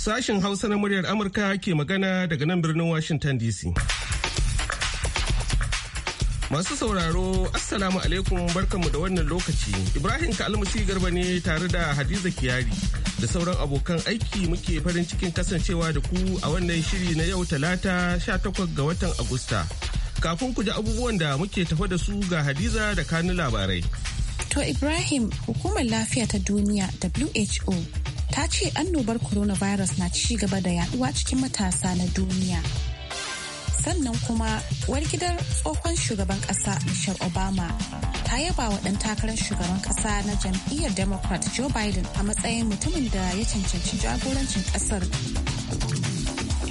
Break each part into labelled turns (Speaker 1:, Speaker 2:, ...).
Speaker 1: Sashen Hausa na muryar Amurka ke magana daga nan birnin Washington DC. Masu sauraro, Assalamu alaikum barkanmu da wannan lokaci. Ibrahim Kalmasi Garba ne tare da Hadiza Kiyari da sauran abokan aiki muke farin cikin kasancewa da ku a wannan shiri na yau talata 18 ga watan Agusta. Kafin ku ji abubuwan da muke tafa da su ga Hadiza da kanun labarai.
Speaker 2: To Ibrahim, hukumar lafiya ta duniya WHO ta ce annobar coronavirus na ci gaba da yaduwa cikin matasa na duniya sannan kuma wargidar tsohon shugaban kasa michelle obama ta yaba wa dan takarar shugaban kasa na jam'iyyar democrat joe biden a matsayin mutumin da ya cancanci jagorancin kasar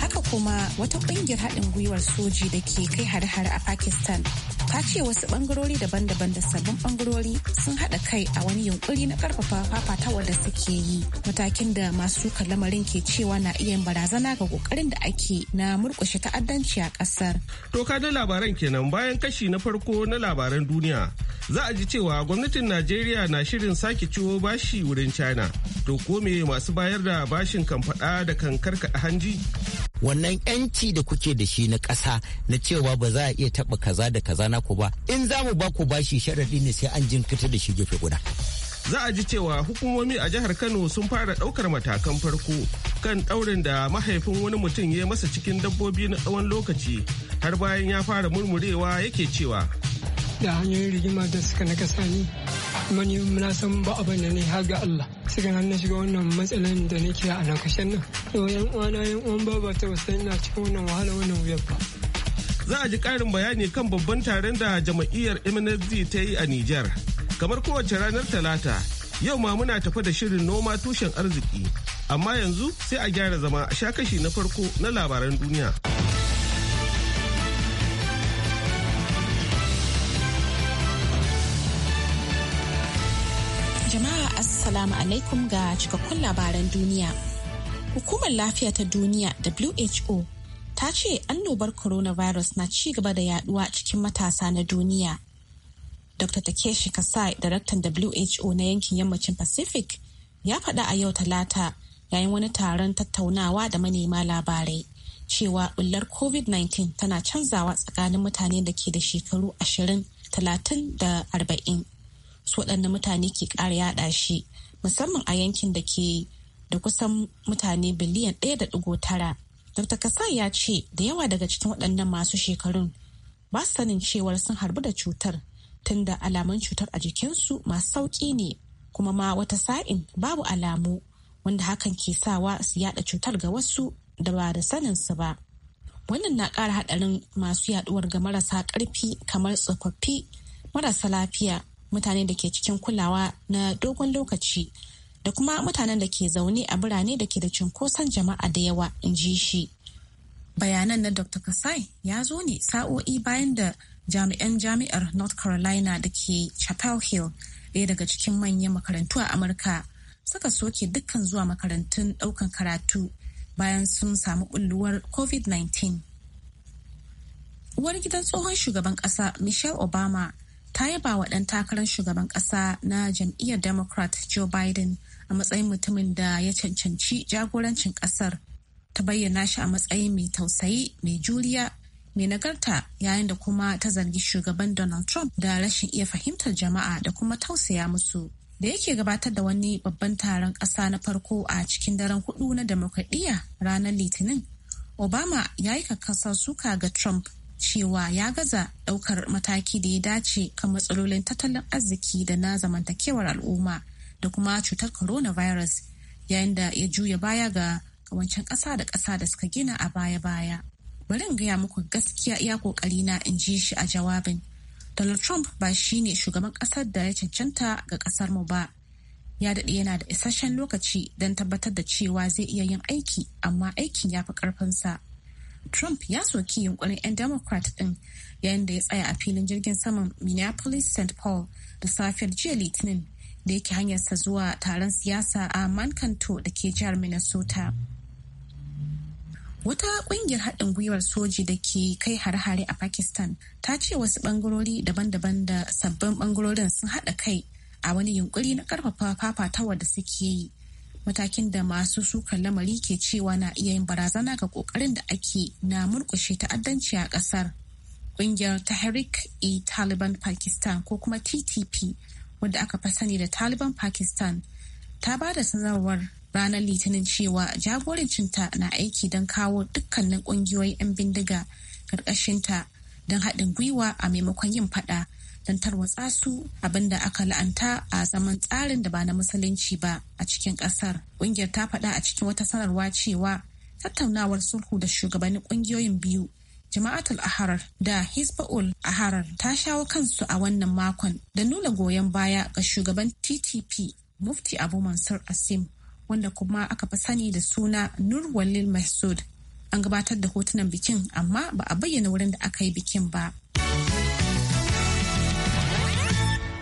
Speaker 2: haka kuma wata kungiyar haɗin gwiwar soji da ke kai hare-hare a pakistan ta ce wasu bangarori daban-daban da sabbin bangarori sun haɗa kai a wani yunkuri na karfafa fafatawar da suke yi matakin da masu kalamarin ke cewa na iya barazana ga kokarin da ake na murkushe ta'addanci a ƙasar.
Speaker 1: toka da labaran kenan bayan kashi na farko na labaran duniya za a ji cewa gwamnatin Najeriya na shirin sake ciwo bashi wurin China. To ko me masu bayar da bashin kan
Speaker 3: faɗa da kan karkaɗa hanji? wannan yanci da kuke da shi na ƙasa na cewa ba za a iya taɓa kaza da kaza na ku ba in za mu ba ku bashi sharaɗi ne sai an jinkirta da shi gefe guda.
Speaker 1: za a ji cewa hukumomi a jihar kano sun fara ɗaukar matakan farko kan ɗaurin da mahaifin wani mutum ya masa cikin dabbobi na tsawon lokaci har bayan ya fara murmurewa yake cewa
Speaker 4: da hanyoyin rigima da suka na ƙasa ne mani muna san ba abin da ne har ga Allah sai ga na shiga wannan matsalan da nake a nan nan to yan uwana yan uwan baba ta wasu ina cikin wannan wahala wannan wuyar ba za a
Speaker 1: ji karin bayani kan babban taron da jama'iyyar MNZ ta yi a Nijar kamar kowace ranar talata yau ma muna tafa da shirin noma tushen arziki amma yanzu sai a gyara zama a sha kashi na farko na labaran duniya.
Speaker 2: Assalamu alaikum ga cikakkun labaran duniya. Hukumar lafiya ta duniya WHO ta ce annobar coronavirus na ci gaba da yaduwa cikin matasa na duniya. Dr. Takeshi Kasai, daraktan WHO na yankin yammacin Pacific, ya faɗa a yau talata yayin wani taron tattaunawa da manema labarai cewa bullar COVID-19 tana canzawa tsakanin mutane da ke da shekaru ashirin, talatin da arba'in. su waɗannan mutane ke ƙara yaɗa shi musamman a yankin da ke da kusan mutane biliyan ɗaya da tara. Dr. Kasai ya ce da yawa daga cikin waɗannan masu shekarun ba su sanin cewar sun harbu da cutar tunda alamun cutar a jikinsu masu sauƙi ne kuma ma wata sa'in babu alamu wanda hakan ke sawa su yada cutar ga wasu da ba da saninsu ba. Wannan na ƙara haɗarin masu yaɗuwar ga marasa ƙarfi kamar tsofaffi marasa lafiya mutane da ke cikin kulawa na dogon lokaci da kuma mutanen da ke zaune a birane da ke da cunkoson jama'a da yawa in ji shi bayanan na dr kasai ya zo ne sa'o'i bayan da jami'an jami'ar north carolina da ke chapel hill ɗaya daga cikin manyan makarantu a amurka suka soke dukkan zuwa makarantun ɗaukan karatu bayan sun samu bulluwar covid-19 uwar gidan tsohon shugaban ƙasa michelle obama ta yaba wa ɗan takarar shugaban ƙasa na jam'iyyar democrat joe biden a matsayin mutumin da ya cancanci jagorancin ƙasar ta bayyana shi a matsayin mai tausayi mai juriya mai nagarta yayin da kuma ta zargi shugaban donald trump da rashin iya fahimtar jama'a da kuma tausaya musu da yake gabatar da wani babban taron ƙasa na farko a cikin daren hudu na demokradiyya ranar litinin obama ya yi kakasar suka ga trump cewa ya gaza ɗaukar mataki da ya dace kan matsalolin tattalin arziki da na zamantakewar al'umma da kuma cutar coronavirus yayin da ya juya baya ga kawancin ƙasa da ƙasa da suka gina a baya-baya. Bari in gaya muku gaskiya iya na in ji shi a jawabin. Donald Trump ba shi ne shugaban ƙasar da ya cancanta ga ƙasar mu ba. Ya daɗe yana da isasshen lokaci don tabbatar da cewa zai iya yin aiki amma aikin ya fi ƙarfinsa. Trump ya soki yunkurin 'yan Democrat ɗin yayin da ya tsaya a filin jirgin saman Minneapolis St. Paul da safiyar jiya Litinin da yake hanyarsa zuwa taron siyasa a mankanto da ke jihar Minnesota. Wata ƙungiyar haɗin gwiwar soji da ke kai har hare a Pakistan ta ce wasu ɓangarori daban-daban da sabbin ɓangarorin sun haɗa kai a wani yunkuri na ƙarfafa fafatawa da suke yi matakin da masu sukar lamari ke cewa na iya yin barazana ga kokarin da ake na murkushe ta'addanci a kasar kungiyar tahrik e taliban pakistan ko kuma ttp wadda aka fi sani da taliban pakistan ta ba da sanarwar ranar litinin cewa jagorancinta na aiki don kawo dukkanin ƙungiyoyin 'yan bindiga ƙarƙashinta don haɗin gwiwa a maimakon yin faɗa. don tarwatsa su abinda aka la'anta a zaman tsarin da ba na musulunci ba a cikin kasar ƙungiyar ta faɗa a cikin wata sanarwa cewa tattaunawar sulhu da shugabannin ƙungiyoyin biyu jama'atul aharar da hisbaul aharar ta shawo kansu a wannan makon da nuna goyon baya ga shugaban ttp mufti abu mansur asim wanda kuma aka fi sani da suna nur walil mahsud an gabatar da hotunan bikin amma ba a bayyana wurin da aka yi bikin ba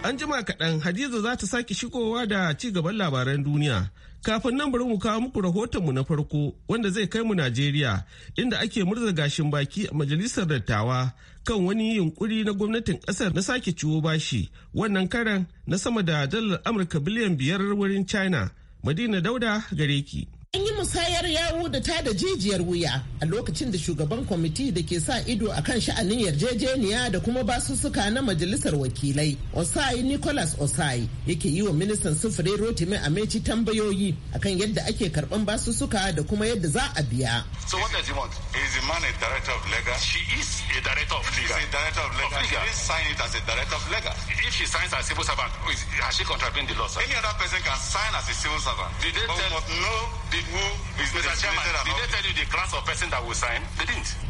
Speaker 1: An jima kaɗan Hadiza za ta sake shigowa da ci gaban labaran duniya. Kafin nan bari mu kawo muku mu na farko wanda zai kai mu Najeriya inda ake murza gashin baki a majalisar dattawa kan wani yunkuri na gwamnatin ƙasar na sake ciwo bashi wannan karan na sama da dalar Amurka biliyan biyar wurin China. Madina Dauda gare ki.
Speaker 5: An yi musayar yawu da ta da jijiyar wuya a lokacin da shugaban kwamiti da ke sa ido a kan sha'anin yarjejeniya da kuma basussuka na majalisar wakilai Osai Nicholas Osai yake yi wa ministan sufuri Rotimi Amechi tambayoyi akan yadda ake karban basussuka da kuma yadda za a biya.
Speaker 6: So what does he want? Is the man a director of legal? She is a director of legal. She is a director of legal. She didn't sign it as a director of legal. If she signs as a civil servant, has she contravened the law? Sir? Any other person can sign as a civil servant. Did they tell? But no, did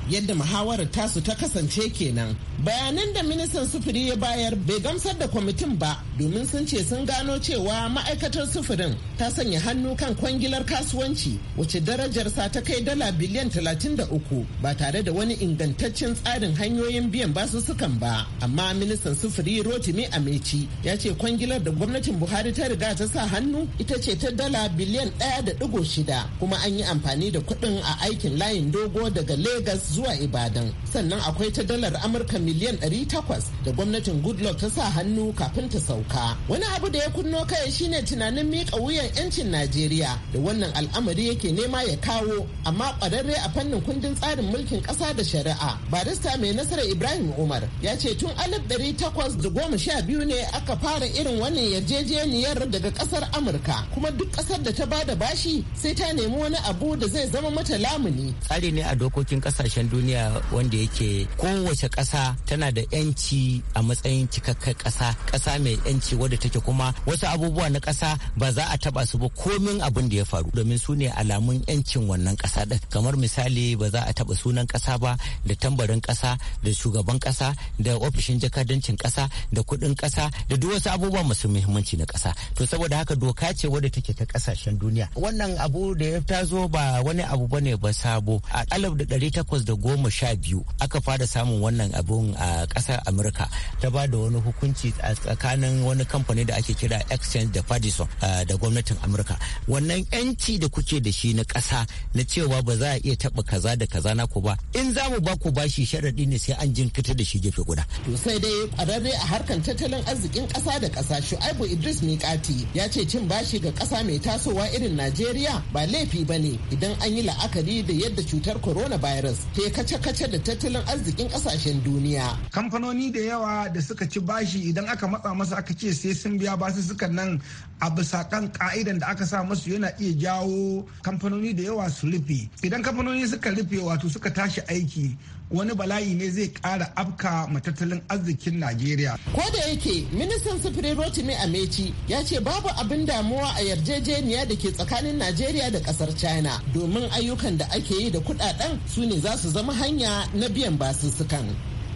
Speaker 5: Yadda muhawarar tasu ta kasance kenan. Bayanan da ministan sufuri ya bayar bai gamsar da kwamitin ba domin sun ce sun gano cewa ma'aikatar sufurin ta sanya hannu kan kwangilar kasuwanci wacce darajarsa ta kai dala biliyan 33 ba tare da wani ingantaccen tsarin hanyoyin biyan sukan ba. Amma ministan sufuri Rotimi Ameci ya ce kwangilar da gwamnatin Buhari ta riga ta sa hannu ita ce ta dala biliyan 1.6 shida kuma an yi amfani da kuɗin a aikin layin dogo daga Legas zuwa Ibadan. Sannan akwai ta dalar Amurka miliyan 800 da gwamnatin Goodluck ta sa hannu kafin ta sauka. Wani abu da ya kunno kai shine tunanin miƙa wuyan 'yancin Najeriya da wannan al'amari yake nema ya kawo amma ƙwararre a fannin kundin tsarin mulkin ƙasa da shari'a. Barista mai nasara Ibrahim Umar ya ce tun alif ɗari takwas da goma sha biyu ne aka fara irin wannan yarjejeniyar daga ƙasar Amurka kuma duk ƙasar da ta bada bashi sai sai ta nemi wani abu da zai zama mata lamuni.
Speaker 3: Tsari ne a dokokin kasashen duniya wanda yake kowace ƙasa tana da 'yanci a matsayin cikakkar ƙasa, ƙasa mai 'yanci wadda take kuma wasu abubuwa na ƙasa ba za a taba su ba komin abin da ya faru domin su ne alamun 'yancin wannan ƙasa ɗin. Kamar misali ba za a taba sunan ƙasa ba da tambarin ƙasa da shugaban ƙasa da ofishin jakadancin ƙasa da kuɗin ƙasa da duk wasu abubuwa masu muhimmanci na ƙasa. To saboda haka doka ce wadda take ta ƙasashen duniya. Wannan abu abu da ya tazo ba wani abu bane ba sabo a alaf da ɗari takwas da goma sha biyu aka fara samun wannan abun a ƙasar amurka ta ba da wani hukunci a tsakanin wani kamfani da ake kira exchange da fadison da gwamnatin amurka wannan yanci da kuke da shi na ƙasa na cewa ba za a iya taɓa kaza da kaza na ku ba in za mu ba ku bashi sharaɗi ne sai an jinkita da shi gefe guda.
Speaker 5: to sai dai ƙwararre a harkar tattalin arzikin ƙasa da ƙasa shu'aibu idris mikati ya ce cin bashi ga ƙasa mai tasowa irin najeriya ba laifi ba ne idan an yi la'akari da yadda cutar corona coronavirus ke kace-kace da tattalin arzikin kasashen duniya. Kamfanoni da yawa
Speaker 6: da suka ci bashi idan aka matsa masa
Speaker 5: aka ce sai sun biya basu
Speaker 6: suka nan a bisa kan ka'idan da aka sa musu yana iya jawo kamfanoni da yawa su rufe. Idan kamfanoni suka rufe wato suka tashi aiki wani bala'i ne zai ƙara afka matattalin arzikin Najeriya.
Speaker 5: Ko da yake ministan sufuri Rotimi Amechi ya ce babu abin damuwa a yarjejeniya da ke tsakanin Najeriya da kasar China domin ayyukan da ake yi da kudaden su ne za su zama hanya na biyan basussukan.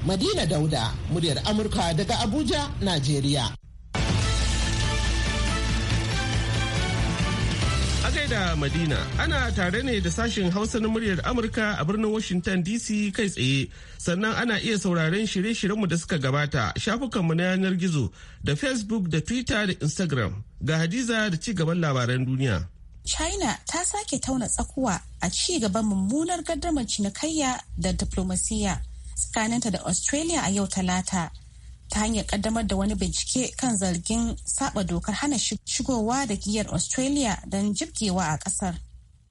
Speaker 5: Madina Dauda, muryar Amurka daga Abuja, Najeriya.
Speaker 1: gaida Madina,
Speaker 5: ana tare ne
Speaker 1: da sashen Hausa na muryar Amurka a birnin Washington DC kai tsaye. Sannan ana iya sauraren shirye-shiryenmu da suka gabata shafukanmu na yanar gizo da Facebook da Twitter da Instagram. Ga Hadiza da ci gaban labaran duniya.
Speaker 2: China ta sake tauna tsakuwa a ci gaban mummunar gardamar cinikayya da diplomasiya tsakaninta da Australia a yau talata. ta hanyar kaddamar da wani bincike kan zargin saba dokar hana shigowa da giyar australia don jibgewa a kasar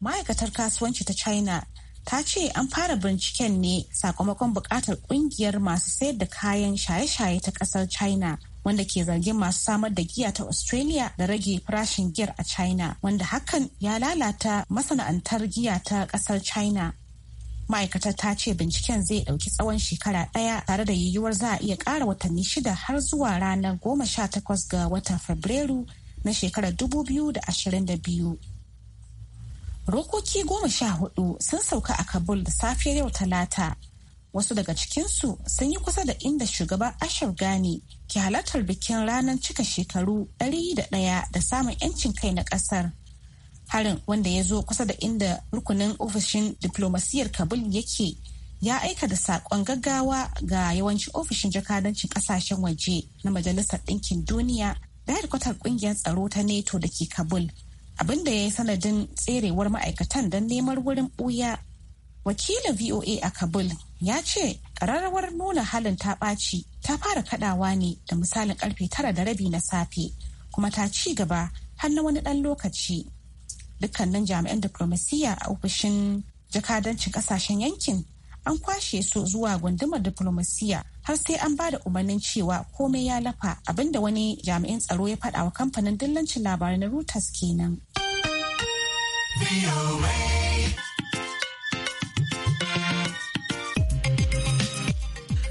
Speaker 2: ma'aikatar kasuwanci ta china ta ce an fara binciken ne sakamakon bukatar kungiyar masu sayar da kayan shaye-shaye ta kasar china wanda ke zargin masu samar da giya ta australia da rage farashin giyar a china wanda hakan ya lalata masana'antar giya ta kasar china ma'aikatar ta ce binciken zai ɗauki tsawon shekara ɗaya tare da yiwuwar za a iya ƙara watanni shida har zuwa ranar goma sha takwas ga watan fabrairu na shekarar dubu biyu da ashirin da biyu rokoki goma sha hudu sun sauka a kabul da safiyar yau talata wasu daga cikinsu sun yi kusa da inda shugaba ashar gani ke halartar bikin ranar cika shekaru ɗari da ɗaya da samun 'yancin kai na ƙasar harin wanda ya zo kusa da inda rukunin ofishin diplomasiyar kabul yake ya aika da saƙon gaggawa ga yawancin ofishin jakadancin ƙasashen waje na majalisar ɗinkin duniya da harkatar ƙungiyar tsaro ta neto da ke kabul abinda ya yi sanadin tserewar ma'aikatan don neman wurin ɓuya wakilin voa a kabul ya ce ƙararrawar nuna halin ta ɓaci ta fara kaɗawa ne da misalin ƙarfe tara da rabi na safe kuma ta ci gaba har na wani ɗan lokaci dukkanin jami'an diplomasiyya a ofishin jakadancin kasashen yankin an kwashe su zuwa gundumar diplomasiyya har sai an ba da umarnin cewa komai ya lafa abinda wani jami'in tsaro ya faɗa wa kamfanin dillancin labarai na Reuters kenan.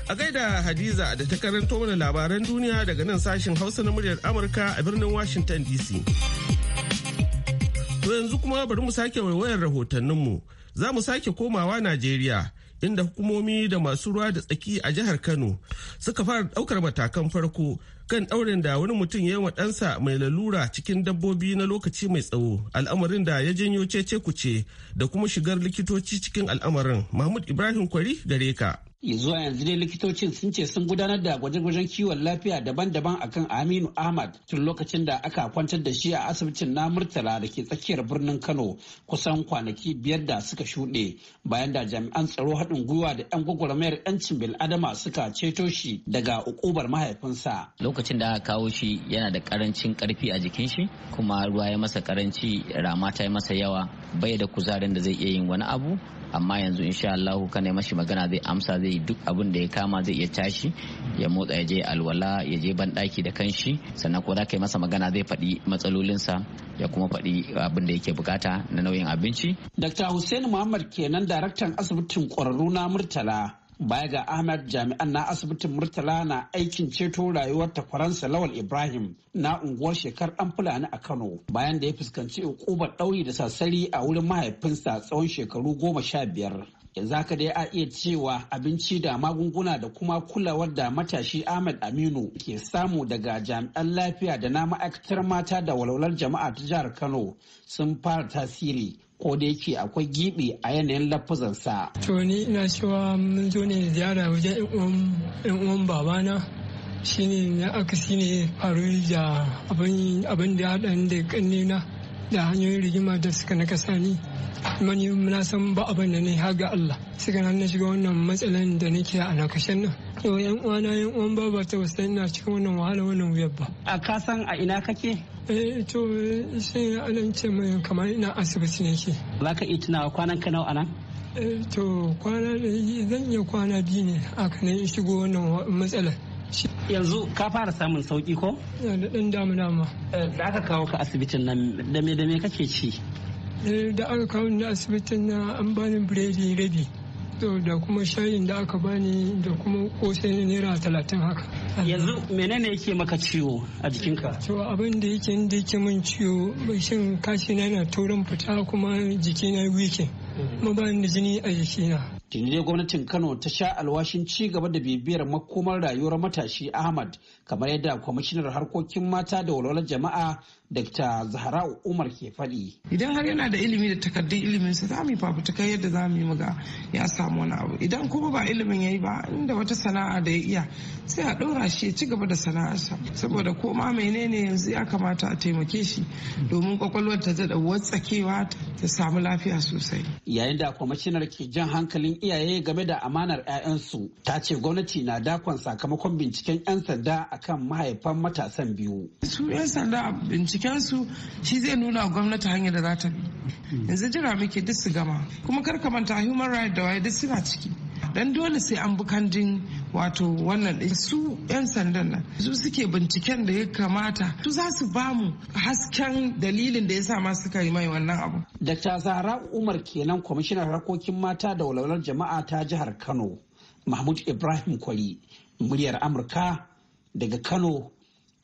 Speaker 3: A
Speaker 1: gaida Hadiza da ta karanto mana labaran duniya daga nan sashen Hausa na muryar Amurka a birnin Washington DC. To yanzu kuma bari mu sake waiwayar rahotanninmu. Za mu sake komawa Najeriya inda hukumomi da masu ruwa da tsaki a jihar Kano suka fara ɗaukar matakan farko kan ɗaurin da wani mutum ya yi wa ɗansa mai lalura cikin dabbobi na lokaci mai tsawo al'amarin da ya janyo cece kuce da kuma shigar likitoci cikin al'amarin Mahmud Ibrahim Kwari gare ka.
Speaker 7: zuwa yanzu dai likitocin sun ce sun gudanar da gwaje-gwajen kiwon lafiya daban-daban akan aminu ahmad tun lokacin da aka kwantar da shi a asibitin na murtala da ke tsakiyar birnin kano kusan kwanaki biyar da suka shuɗe bayan da jami'an tsaro haɗin gwiwa da 'yan gwagwarmayar 'yancin bil'adama suka ceto shi daga ukubar mahaifinsa
Speaker 3: lokacin da aka kawo shi yana da karancin karfi a jikin shi kuma ruwa ya masa karanci rama ta yi masa yawa bai da kuzarin da zai iya yin wani abu amma yanzu insha Allah ka ne mashi magana zai amsa zai yi duk abin da ya kama zai iya tashi ya motsa ya je alwala ya je banɗaki da kanshi sannan ko za ka yi masa magana zai faɗi matsalolinsa ya kuma faɗi abin da yake bukata na nauyin abinci. Dr.
Speaker 7: Hussein Muhammad kenan daraktan asibitin ƙwararru na Murtala baya ga ahmed jami'an na asibitin murtala na aikin ceto rayuwar Faransa lawal ibrahim na unguwar shekar dan fulani a kano bayan da ya fuskanci ukubar dauri da sassari a wurin mahaifinsa tsawon shekaru goma sha biyar yanzu haka dai a iya cewa abinci da magunguna da kuma kulawar da matashi ahmed aminu ke samu daga jami'an lafiya da na ma'aikatar mata da walwalar jama'a ta jihar kano sun fara tasiri ko da yake akwai gibi a yanayin lafazansa.
Speaker 4: To ni ina cewa mun zo ne ziyara wajen in uwan babana shine na akasi ne faru da abin da haɗa da na da hanyoyin rigima da suka na kasa ni. Mani na san ba abin da ne haga Allah. Suka na shiga wannan matsalan da nake a nakashen nan. to yan uwana yan uwan baba ta wasu ina cikin wannan wahala wannan wuyar ba a kasan a ina kake eh to sai alan ce mai kamar ina asibiti ne ke za ka iya tunawa kwanan ka nawa anan eh to kwana zan iya kwana biyu ne a kanan shigo wannan matsalar yanzu ka fara samun sauki ko? da ɗan damu dama. Eh, da aka kawo ka asibitin nan da me da me kake ci? Eh, da aka kawo ni asibitin na an bani biredi rabi to da kuma shayin da aka bani da kuma kosai na naira talatin haka yanzu menene yake maka ciwo a jikinka to abin da yake inda yake min ciwo shin kashi na yana turin fita kuma jikina wike kuma ba da jini a jikina
Speaker 7: tuni dai gwamnatin kano ta sha alwashin ci gaba da bibiyar makomar rayuwar matashi ahmad kamar yadda kwamishinar harkokin mata da walwalar jama'a Dr. Zahrau Umar ke faɗi.
Speaker 4: Idan har yana da ilimi da takardun ilimin sa za mu fafutuka yadda za mu yi muga ya samu wani abu. Idan kuma ba ilimin ya yi ba inda wata sana'a da ya iya sai a ɗora shi ya ci gaba da sana'arsa. Saboda ko ma menene yanzu ya kamata a taimake shi domin kwakwalwar ta daɗa watsakewa ta samu lafiya sosai.
Speaker 7: Yayin da kwamishinar ke jan hankalin iyaye game da amanar 'ya'yansu ta ce gwamnati na dakon sakamakon binciken 'yan sanda akan mahaifan matasan biyu. Su
Speaker 4: 'yan sanda bincike bincikensu shi zai nuna gwamnati hanyar da za ta bi yanzu jira muke duk su gama kuma kar ka manta human right da waye duk suna ciki dan dole sai an bukandin wato wannan su 'yan sandan nan su suke binciken da ya kamata su za su mu hasken dalilin da yasa sa ma suka yi mai wannan abu. Dr. Zahra Umar kenan
Speaker 7: kwamishinar harkokin mata da walwalar jama'a ta jihar Kano Mahmud Ibrahim Kwali
Speaker 1: muryar Amurka daga Kano,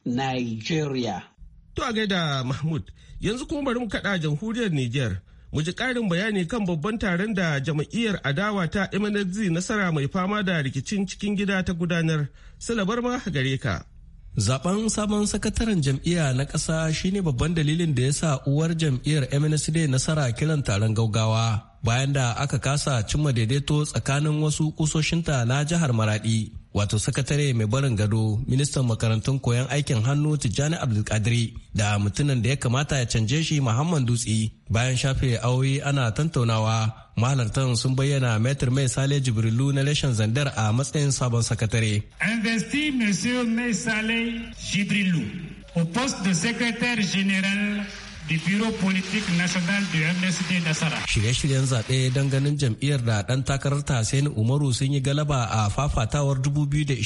Speaker 1: Nigeria. To a gaida Mahmud, yanzu kuma bari mu kaɗa jamhuriyar Nijar. Mu ji ƙarin bayani kan babban taron da jam'iyyar adawa ta MNZ nasara mai fama da rikicin cikin gida ta gudanar. Salabar ma gare ka. Zaben sabon sakataren jam'iyya na ƙasa
Speaker 8: shine babban dalilin da ya sa uwar jam'iyyar MNSD nasara kiran taron gaugawa bayan da aka kasa cimma daidaito tsakanin wasu kusoshinta na jihar Maradi. wato sakatare mai barin gado ministan makarantun koyon aikin hannu tijjani abdulkadiri da mutumin da ya kamata ya canje shi muhammad dutse bayan shafe aure ana tantaunawa mahalartan sun bayyana metr mai sale jibrilu na rashin zandar a matsayin sabon sakatare
Speaker 4: investi monsieur mai sale jibrilu au poste de secrétaire général the Bureau politique national du MSD Nasara. Shirye-shiryen
Speaker 8: zaɓe don ganin jam'iyyar da ɗan takarar ta Umaru sun yi galaba a fafatawar 2020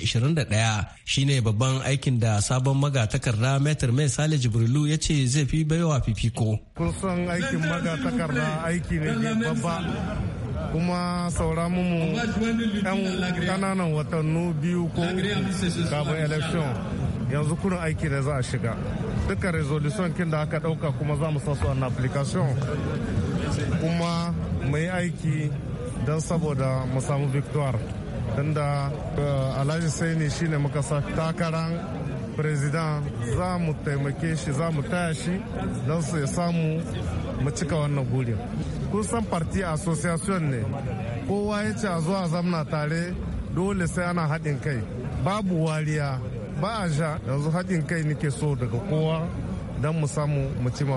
Speaker 8: 2021 shine babban aikin da sabon magatakarda Metir Mai Sale Jibrilu ya ce zai fi baiwa fifiko.
Speaker 4: Kun san aikin magatakarda
Speaker 1: aiki ne babba kuma saura mu yan kananan watannu biyu ko kafin election yanzu kurin aiki da za a shiga duka resolution kin da aka dauka kuma za mu sa an application kuma mai aiki don saboda mu samu victoire don da eh, alhaji saini shine muka sa takarar president za mu taimake shi za mu taya shi don su ya samu mu cika wannan burin kun san parti association ne kowa ya ce a zuwa zamna tare dole sai ana haɗin kai babu wariya ba a sha yanzu haɗin kai nake so daga
Speaker 4: kowa don mu samu mu ci mu.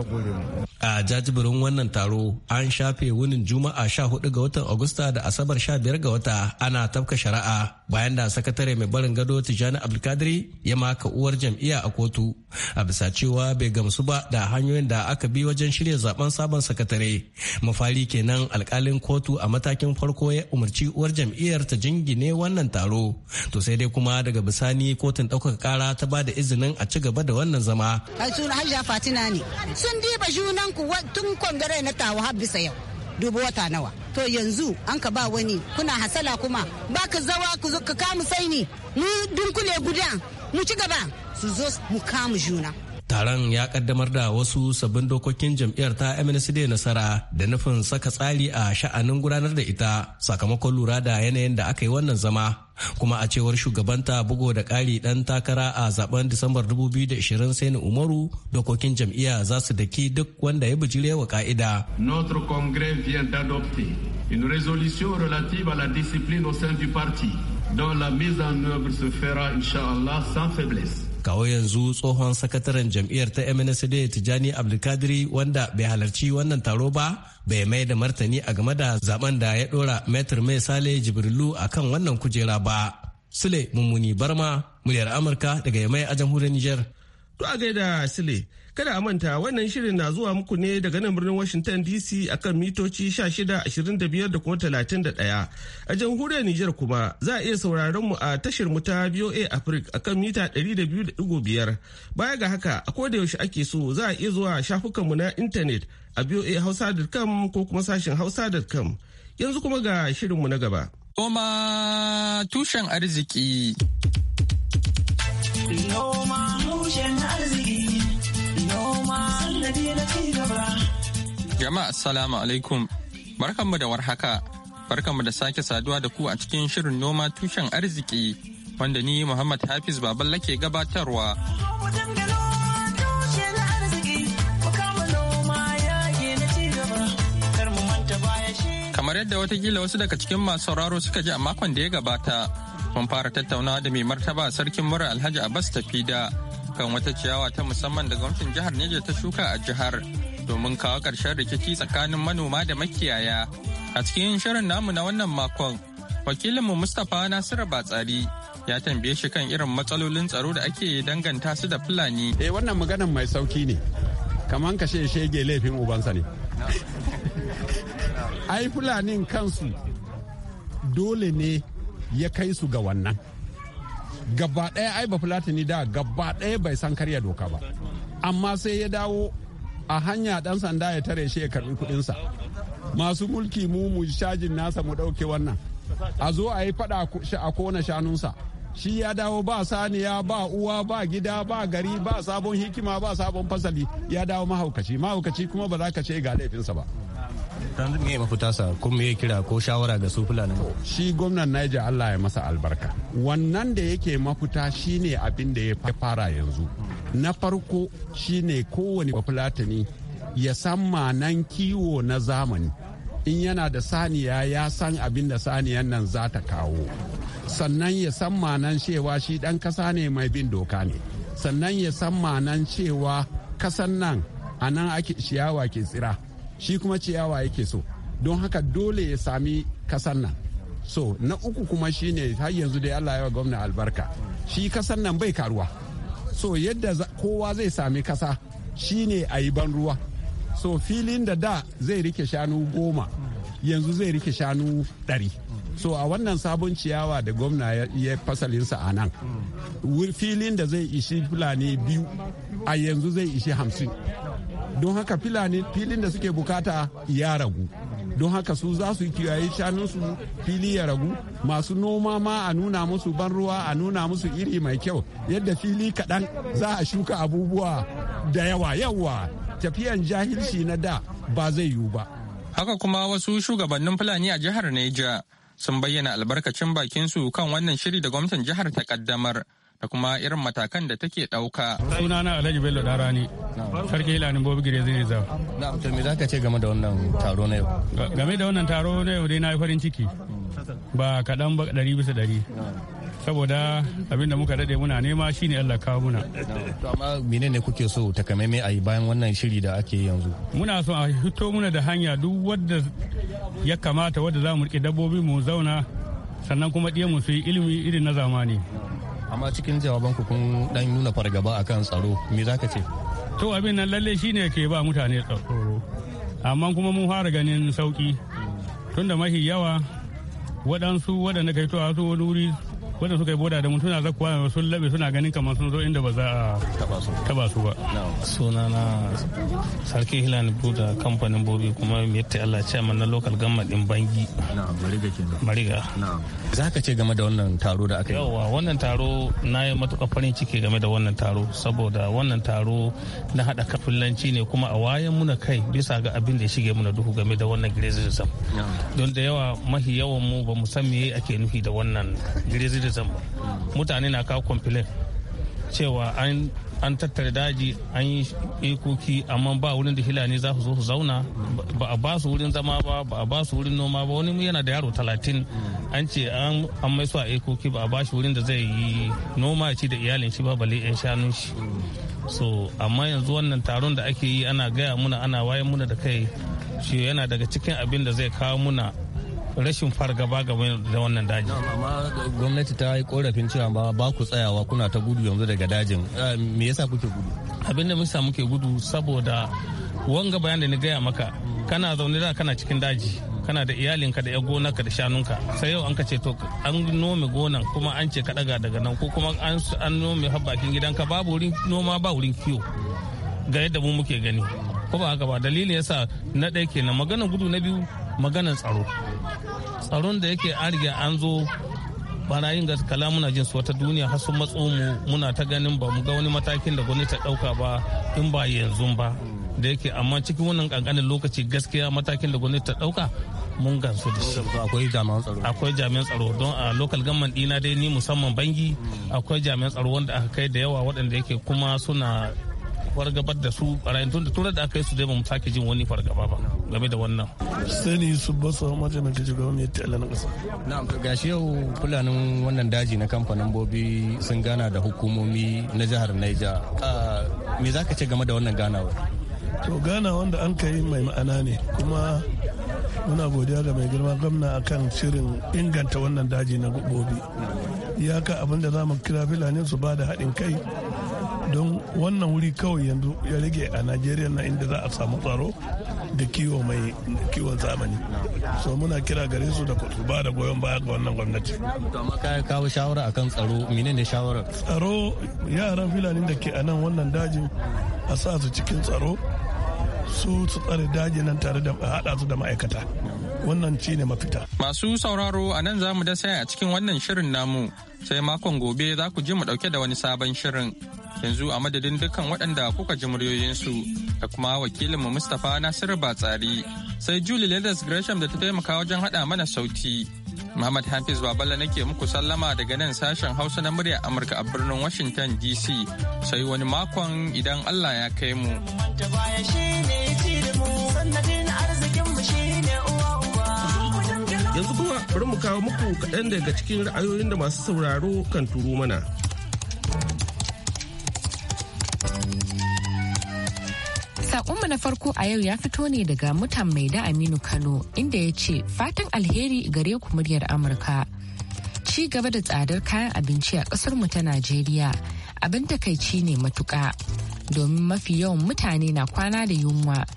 Speaker 8: A jajibirin wannan taro an shafe wunin Juma'a 14 ga watan Agusta da Asabar 15 ga wata ana tafka shari'a bayan da sakatare mai barin gado tijjani abdulkadiri ya maka uwar jam'iyya a kotu a bisa cewa bai gamsu ba da hanyoyin da aka bi wajen shirya zaben sabon sakatare mafari kenan alkalin kotu a matakin farko ya umarci uwar jam'iyyar ta jingine wannan taro to sai dai kuma daga bisani kotun ɗaukaka kara ta ba da izinin a ci gaba da wannan zama
Speaker 3: ai suna hajja fatina ne sun diba junan ku tun kongare na tawo Habisa yau dubu wata nawa to yanzu an ka ba wani kuna hasala kuma ba ka zawa ka kamu ni mu dunkule guda mu ci gaba su zo mu kamu juna
Speaker 8: taron ya kaddamar da wasu sabbin dokokin jam'iyyar ta MNCD nasara da nufin saka tsari a sha'anin gudanar da ita sakamakon lura da yanayin da aka yi wannan zama kuma a cewar shugabanta bugo da ƙari ɗan takara a zaben disambar 2020 sai umaru dokokin jam'iyya za su daki duk wanda ya bijire wa ka'ida.
Speaker 1: notre congrès
Speaker 6: vient d'adopter une résolution relative à la discipline au sein du parti dont la mise en œuvre se fera inshallah sans faiblesse
Speaker 8: kawo yanzu tsohon sakataren jam'iyyar ta MNSD Tijani Abdulkadiri wanda bai halarci wannan taro ba bai mai da martani a game da zaben da ya dora Metr Mai Sale Jibrilu akan wannan kujera ba.
Speaker 1: Sule Mummuni Barma, muryar Amurka daga Yamai a jamhuriyar Nijar. To a gaida Sile, kada a manta wannan shirin na zuwa muku ne daga nan birnin Washington DC akan mitoci 1625 da kuma 31. A jamhuriyar Nijar kuma za a iya sauraron mu a tashar mu ta VOA Africa akan mita 200.5. Baya ga haka a koda yaushe ake so za a iya zuwa shafukanmu na intanet a voahausa.com ko kuma sashin hausa.com. Yanzu kuma ga shirinmu na gaba.
Speaker 9: Noma tushen arziki.
Speaker 4: Noma tushen arziki.
Speaker 9: Jama'a salamu alaikum. Barkanmu da warhaka. Barkanmu da sake saduwa da ku a cikin shirin noma tushen arziki wanda ni Muhammad Hafiz Baballa ke gabatarwa. Kamar yadda wata gila wasu daga cikin masu sauraro suka ji a makon da ya gabata, mun fara tattaunawa da mai martaba sarkin mura Alhaji Abbas Tafida. kan wata ciyawa ta musamman da gwamnatin jihar Niger ta shuka a jihar domin kawo ƙarshen rikici tsakanin manoma da makiyaya. A cikin shirin namu na wannan makon, wakilinmu Mustapha Nasiru Batsari ya tambaye shi kan irin matsalolin tsaro da ake danganta su da Fulani. Eh wannan maganan mai sauki ne,
Speaker 6: kamar ka shege laifin ubansa ne. Ai Fulanin kansu dole ne ya kai su ga wannan. gaba ɗaya ai ba fulatani da gaba ɗaya bai san karya doka ba amma sai ya dawo a hanya ɗan sanda ya tare shi ya karbi kuɗinsa masu mulki mu mu shajin nasa mu ɗauke wannan a zo a yi faɗa a kona shanunsa shi ya dawo ba saniya ba uwa ba gida ba gari ba sabon hikima ba sabon fasali ya dawo mahaukaci mahaukaci kuma ba za ka ce ga laifinsa ba yanzu me sa ko me kira ko shawara ga su fulani shi gwamnan Niger Allah ya masa albarka wannan da yake mafuta shine abin da ya fara yanzu na farko shine kowane fulatani ya san manan kiwo na zamani in yana da saniya ya san abin da saniyan nan za ta kawo sannan ya san manan cewa shi dan kasa ne mai bin doka ne sannan ya san manan cewa kasan nan a nan ake ciyawa ke tsira shi kuma ciyawa yake so don haka dole ya sami kasan nan so na uku kuma shine har yanzu dai allah yawa gwamna albarka shi kasan nan bai karuwa so yadda kowa zai sami kasa shine a yi ban ruwa so filin da da zai rike shanu goma yanzu zai rike shanu ɗari so a wannan sabon ciyawa da gwamna ya fasalinsa a nan filin da zai ishi fulani biyu a yanzu zai ishi hamsin don haka filani filin da suke bukata ya ragu don haka su za su kiyaye shanunsu fili ya ragu masu noma ma a nuna musu ban ruwa a nuna musu iri mai kyau yadda fili kaɗan za a shuka abubuwa da yawa yawa tafiyan jahilci na da ba zai yiwu ba
Speaker 9: haka kuma wasu shugabannin fulani a jihar neja sun bayyana albarkacin bakinsu kan wannan shiri da gwamnatin jihar ta kaddamar da kuma irin matakan da take ɗauka.
Speaker 10: Sunana Alhaji Bello Darani, sarki ilanin Bobi Girezi ne zau. To me za ce game da wannan
Speaker 8: taro na yau?
Speaker 10: Game da wannan taro na yau dai na yi farin ciki. Ba kaɗan ba ɗari bisa ɗari. saboda abin da muka dade muna nema shine Allah kawo muna. To
Speaker 8: amma menene kuke so takamaimai a yi bayan wannan shiri da ake yanzu?
Speaker 10: Muna so a hito muna da hanya duk wadda ya kamata wadda za mu riƙe dabbobi mu zauna sannan kuma ɗiyan mu su yi ilimi irin na zamani. amma cikin jawaban ku kun dan nuna fargaba akan tsaro me zaka ce to abin nan lalle shine ke ba mutane tsaro amma kuma mun fara ganin sauki tunda mahi yawa waɗansu waɗanda kai to a wani wuri wanda suka yi boda da mutuna zakuwa sun labe suna ganin kamar sun zo inda ba za a taba su ba suna na sarki hilani buda kamfanin bobi kuma yadda allah ce na local government din bangi mariga za ka ce game da wannan taro da aka yi yawa wannan taro na yi matukar farin ciki game da wannan taro saboda wannan taro na haɗa kafilanci ne kuma a wayan muna kai bisa ga abin da ya shige muna duhu game da wannan grazism don da yawa mahi yawan mu ba mu san me ake nufi da wannan grazism disamba mutane na kawo complain cewa an tattara daji an yi ikoki amma ba wurin da hilani za su zo su zauna ba a ba su wurin zama ba ba a ba su wurin noma ba wani yana da yaro talatin an ce an mai a ikoki ba a ba shi wurin da zai yi noma ci da iyalin shi ba bale yan shanun shi so amma yanzu wannan taron da ake yi ana gaya muna ana wayan muna da kai shi yana daga cikin abin da zai kawo muna rashin fargaba game da wannan daji. gwamnati ta yi korafin cewa ba ba ku tsayawa kuna ta gudu yanzu daga dajin eh, me yasa kuke gudu abinda musa muke gudu saboda wanga bayan da ni gaya maka kana zaune da kana cikin daji kana da iyalinka da 'yan gonarka da shanunka sai yau an ka ce to an nome gonan kuma an ce ka daga daga nan ko kuma an nome habbakin gidanka babu wurin noma ba wurin kiwo ga yadda mu muke gani ko ba haka ba dalilin yasa na ɗaya kenan magana gudu na biyu maganar tsaro tsaron da yake an riga an zo barayin gaskala muna jin wata duniya har sun matso mu muna ta ganin ba mu ga wani matakin da gwamnati ta dauka ba in ba yanzu ba da yake amma cikin wannan kankanin lokaci gaskiya matakin da gwamnati ta dauka mun gansu da shi akwai jami'an tsaro akwai jami'an tsaro don a local government dina dai ni musamman bangi akwai jami'an tsaro wanda aka kai da yawa waɗanda yake kuma suna fargabar da su barayin tun da tura da aka yi su dai ba mu sake jin wani fargaba ba game da wannan sani su basa majalisar shugaban mai tala na kasa
Speaker 8: na'am to gashi yau fulanin wannan daji na kamfanin bobi sun gana da hukumomi na jihar Niger ah, me za ka ce game da wannan ganawa
Speaker 10: to gana wanda an kai mai ma'ana ne kuma muna godiya ga mai girma gwamna akan shirin inganta wannan daji na gobi iyaka abinda za mu kira filanin su ba da haɗin kai don wannan wuri kawai yanzu ya rage a najeriya na inda za a samu tsaro da kiwo mai kiwon zamani so muna kira gare su da kuɗi ba da goyon baya ga wannan gwamnati to amma ka kawo shawara akan tsaro ne shawara tsaro yaran filanin da ke a nan wannan dajin a sa su cikin tsaro su su tsare daji nan tare da hada su da ma'aikata wannan ci ne mafita.
Speaker 9: Masu sauraro a nan za mu da sai a cikin wannan shirin namu sai makon gobe za ku ji mu ɗauke da wani sabon shirin yanzu a madadin dukkan waɗanda kuka ji muryoyinsu da kuma wakilinmu Mustapha Nasiru Batsari sai Julie Leathers Gresham da ta taimaka wajen haɗa mana sauti. Muhammad Hafiz Baballa nake muku sallama daga nan sashen Hausa na murya Amurka a birnin Washington DC sai wani makon idan Allah ya kai mu.
Speaker 1: Yanzu kuma bari mu kawo muku kaɗan daga cikin ra'ayoyin da masu sauraro kan turu mana.
Speaker 11: Sakonmu na farko a yau ya fito ne daga mutan mai da Aminu Kano inda ya ce fatan alheri gare ku muryar Amurka. Ci gaba da tsadar kayan abinci a ƙasarmu ta Najeriya abin takaici ne matuƙa domin mafi yawan mutane na kwana da yunwa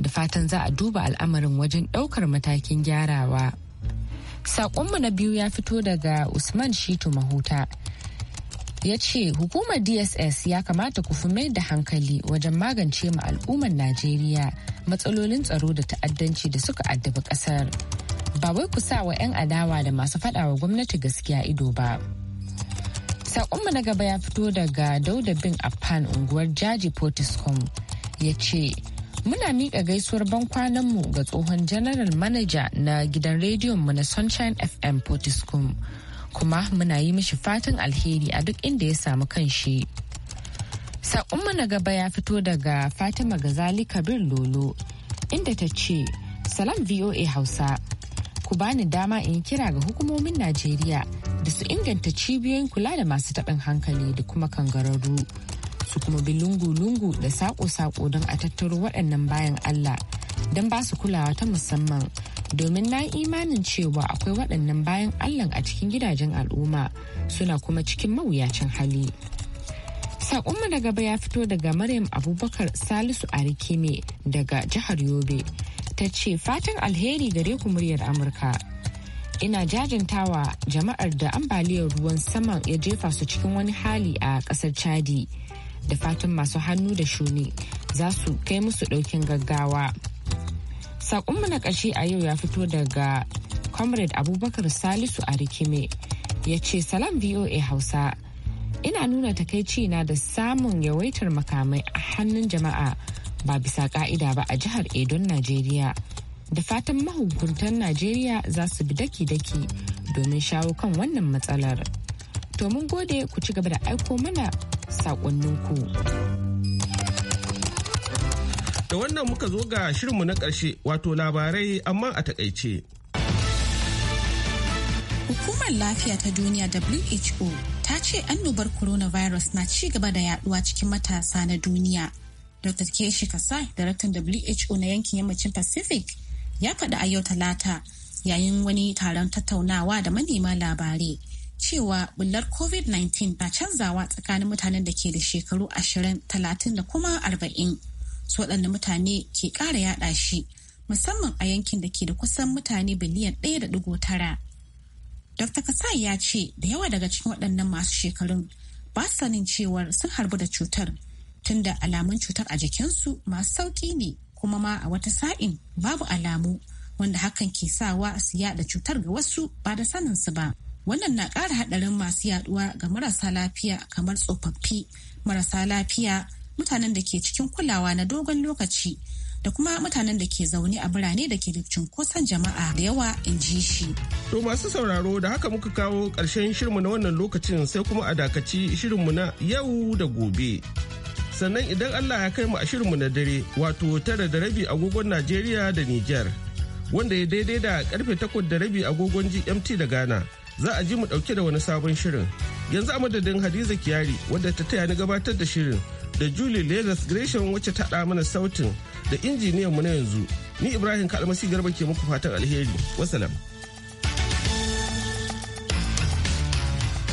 Speaker 11: da fatan za a duba al'amarin wajen ɗaukar matakin gyarawa. Saƙonmu na biyu ya fito daga Usman Shitu Mahuta ya ce hukumar dss ya kamata ku fi da hankali wajen magance ma al'ummar najeriya matsalolin tsaro da ta'addanci da suka addabi kasar ba wai ku sa wa 'yan adawa da masu faɗawa gwamnati gaskiya ido ba mu na gaba ya fito daga dauda bin afan unguwar jaji potiskum ya ce muna miƙa gaisuwar bankwananmu ga tsohon janaral manaja na gidan rediyon mu na sunshine fm potiskum kuma muna yi mishi fatan alheri a duk inda ya samu kanshi. mu na gaba ya fito daga Fatima Gazali Kabir Lolo inda ta ce, Salam VOA Hausa, ku bani dama in kira ga hukumomin Najeriya da su inganta cibiyoyin kula da masu taɓin hankali da kuma kangararru. Su kuma bi lungu-lungu da saƙo-saƙo don a tattaro waɗannan bayan Allah don ba su kulawa ta musamman. domin na imanin cewa akwai waɗannan bayan allah a cikin gidajen al'umma suna kuma cikin mawuyacin hali saƙonmu na gaba ya fito daga maryam abubakar salisu arikime daga jihar yobe ta ce fatan alheri gare ku muryar amurka ina jajantawa jama'ar da ambaliyar ruwan saman ya jefa su cikin wani hali a ƙasar chadi da fatan masu hannu da shuni za su kai musu ɗaukin gaggawa Sakonmu na ƙarshe a yau ya fito daga Comrade Abubakar Salisu a Rikime ya ce Salam VOA Hausa. Ina nuna takaici na da samun yawaitar makamai a hannun jama'a ba bisa ka'ida ba a jihar Edon Najeriya. Da fatan mahukuntan Najeriya za su bi daki-daki domin shawo kan wannan matsalar. To mun gode ku ci gaba da aiko mana saƙonninku.
Speaker 1: Da wannan muka zo ga shirinmu na ƙarshe wato labarai amma a takaice.
Speaker 2: Hukumar lafiya ta duniya WHO ta ce annobar coronavirus na ci gaba da yaduwa cikin matasa na duniya. Dr. Keshi Kasai, daraktan WHO na yankin yammacin Pacific, ya faɗi a yau talata yayin wani taron tattaunawa da manema labarai cewa bullar covid-19 na canzawa tsakanin mutanen da ke da shekaru 20 talatin da kuma 40 su waɗanda mutane ke ƙara yaɗa shi musamman a yankin da ke da kusan mutane biliyan ɗaya da ɗigo tara. Dr. Kasai ya ce da yawa daga cikin waɗannan masu shekarun ba sanin cewar sun harbu da cutar tunda alamun cutar a jikinsu masu sauƙi ne kuma ma a wata sa'in babu alamu wanda hakan ke sawa su yaɗa cutar ga wasu ba da saninsu ba. Wannan na ƙara haɗarin masu yaɗuwa ga marasa lafiya kamar tsofaffi, marasa lafiya mutanen da ke cikin kulawa na dogon lokaci da kuma mutanen da ke zaune a birane da ke da cunkoson jama'a da yawa in ji shi.
Speaker 1: To masu sauraro da haka muka kawo ƙarshen shirinmu na wannan lokacin sai kuma a dakaci shirinmu na yau da gobe. Sannan idan Allah ya kai mu a shirinmu na dare wato tara da rabi agogon Najeriya da Nijar wanda ya daidai da karfe takwas da rabi agogon GMT da Ghana za a ji mu dauke da wani sabon shirin. Yanzu a madadin Hadiza Kiyari wadda ta taya ni gabatar da shirin da Julie legas Gresham wacce ta ɗa mana sautin da injiniyan mu na yanzu. Ni Ibrahim Kalmasi Garba ke muku fatan alheri. Wasalam.